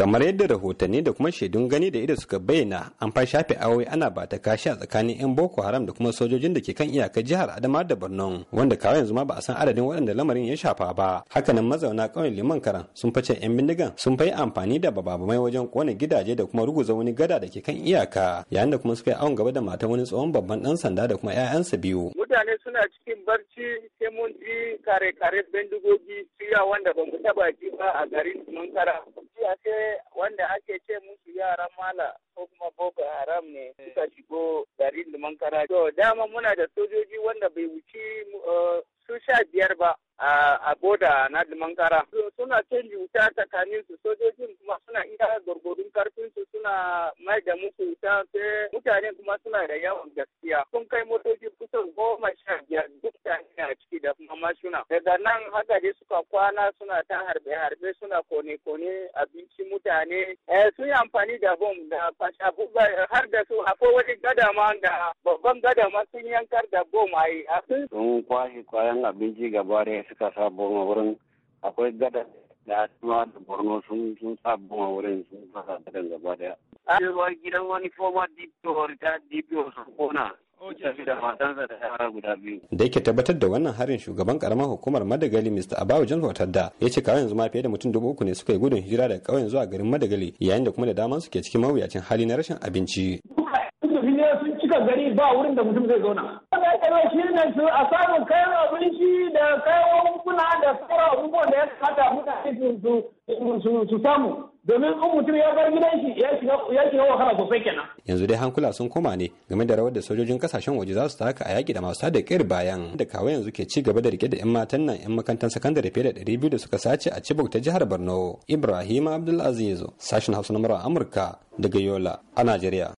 kamar yadda rahotanni da kuma shaidun gani da ido suka bayyana an fa shafe awoyi ana ba ta kashi a tsakanin yan boko haram da kuma sojojin da ke kan iyakar jihar adama da borno wanda kawo yanzu ma ba a san adadin waɗanda lamarin ya shafa ba hakanan mazauna ƙauyen liman karan sun fice yan bindigan sun fa amfani da bababamai wajen kone gidaje da kuma ruguza wani gada da ke kan iyaka yayin da kuma suka yi awon gaba da matan wani tsohon babban dan sanda da kuma 'ya'yansa biyu mutane suna cikin barci sai mun ji kare-kare bindigogi suya wanda ba mu taba ji ba a garin ya ce wanda ake ce musu yaran mala ko kuma boko haram ne eh. suka shigo garin kara to dama muna da sojoji wanda bai wuci uh, su sha biyar ba a boda na limankara suna canji wuta tsakanin su sojojin kuma suna iya gwargwadon karfin su suna mai da musu wuta sai mutane kuma suna da yawan gaskiya sun kai motoci kusan goma sha biyar duk da a ciki da kuma mashina daga nan haka dai kwana suna ta harbe-harbe suna kone-kone abinci mutane. Eh, sun yi amfani da bom da har da su akwai wani gadama da babban gadama sun yankar da bom a yi. Sun kwashe kwayan abinci gaba da suka sa bom a wurin akwai gada da asma da borno sun sun sa bom a wurin sun fasa gadan gaba daya. An gidan wani former dipto ta dipto sun kona. shi da matarsa da yara guda biyu. Da yake tabbatar da wannan harin shugaban karamar hukumar Madagali Mr. Abawu Jan Hotarda ya ce kawai yanzu ma fiye da mutum dubu uku ne suka yi gudun hijira daga ƙauyen zuwa garin Madagali yayin da kuma da daman su ke cikin mawuyacin hali na rashin abinci. sun cika gari ba wurin da mutum zai zauna. Wanda ya shi ne su a samu kayan abinci da kayan kuna da sauran abubuwan da ya kamata mutane su samu. domin in mutum ya bar gidan shi ya shiga wahala sosai kenan. Yanzu dai hankula sun koma ne game da rawar da sojojin kasashen waje za su taka a yaki da masu tada kir bayan da kawai yanzu ke ci gaba da rike da 'yan matan nan 'yan makarantar sakandare fiye da ɗari biyu da suka sace a cibok ta jihar Borno. Ibrahim Abdulaziz, sashen Hausa na Amurka daga Yola a Najeriya.